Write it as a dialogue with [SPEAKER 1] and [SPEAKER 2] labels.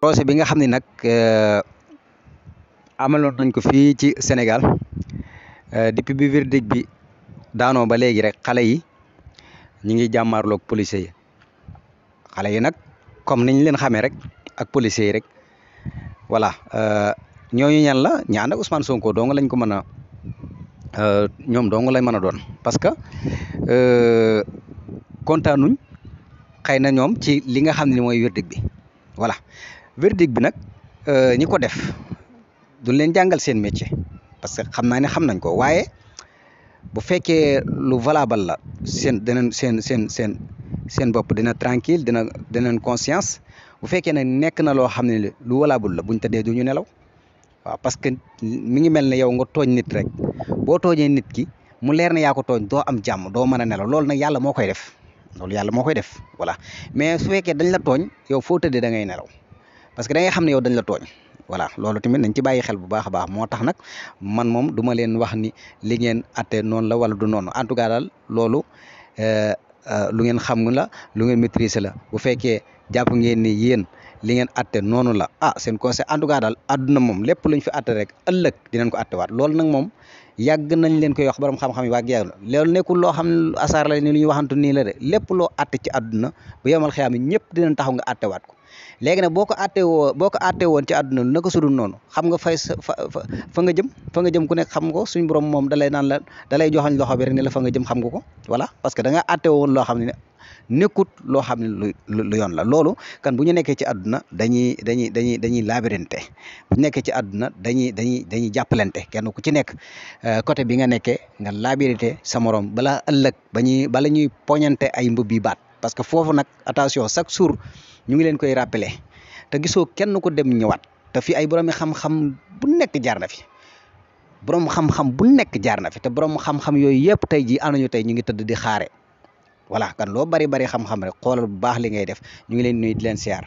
[SPEAKER 1] projet bi nga xam ne nag euh, amaloon nañ ko fii ci Sénégal euh, depuis bi verdict bi daanoo ba léegi rek xale yi ñu ngi jàmmaarloog policiers yi xale yi nag comme niñ leen xamee rek ak policiers yi rek voilà euh, ñooñu ñan la ñaan ak Ousmane Sonko dong lañ ko mën a ñoom dong lañ mën a doon parce que kontaanuñ xëy na ñoom ci li nga xam ni mooy verdict bi voilà verdict bi nag euh, ñi ko def du leen jàngal seen métier parce que xam naa ne xam nañ ko waaye bu fekkee lu valable la seen danañ seen seen seen seen bopp dina tranquille dina dinañ conscience bu fekkee ne nekk na loo xam ne lu valable la bu buñ tëddee du ñu nelaw waaw parce que mi ngi mel ne yow nga tooñ nit rek boo tooñee nit ki mu leer na yaa ko tooñ doo am jàmm doo mën a nelaw loolu nag yàlla moo koy def loolu yàlla moo koy def voilà mais su fekkee dañ la tooñ yow foo tëddee da ngay nelaw. parce que da xam ne yow dañ la tooñ voilà loolu tamit nañ ci bàyyi xel bu baax baax moo tax nag man moom du ma leen wax ni li ngeen atte noonu la wala du noonu en tout cas daal loolu euh, euh, lu ngeen xam la lu ngeen maîtriser la bu fekkee jàpp ngeen ni yéen li ngeen atte noonu la a ah, seen conseil en tout cas daal àdduna moom lépp luñ fi atte rek ëllëg dinañ ko attewaat loolu nag moom yàgg nañ leen koy wax borom xam-xam yi waa yàgg loolu nekkul loo xam ne asaar la ni lu ñuy waxantu nii la de lépp loo atte ci àdduna bu yemal xeyaam ñëpp dinañ taxaw nga attewaat ko léegi nag boo ko àttee woo boo ko àttee woon ci àdduna lu naka sudul noonu xam nga fay sa fa fa nga jëm fa nga jëm ku nekk xam ko suñu borom moom da lay naan la dalay joxañ loxo bi rek ne la fa nga jëm xam nga ko voilà parce que danga nga woon loo xam ne nekkut loo xam ne lu yoon la loolu kan bu ñu nekkee ci àdduna dañuy dañuy dañuy dañuy laabirante nekkee ci àdduna dañuy dañuy dañuy jàppalante kenn ku ci nekk euh, côté bi nga nekkee nga laabirante sa morom balaa ëllëg ba ñuy bala ñuy poñante ay mbëb yi baat parce que foofu nag attention chaque jour ñu ngi leen koy rappeler te gisoo kenn ko dem ñëwaat te fii ay boroomi xam-xam bu nekk jaar na fi borom xam-xam nekk jaar na fi te borom xam yooyu yëpp tey jii am nañu tey ñu ngi tëdd di xaare voilà kan loo bari bari xam-xam rek xoolal bu baax li ngay def ñu ngi leen nuyu di leen siyaar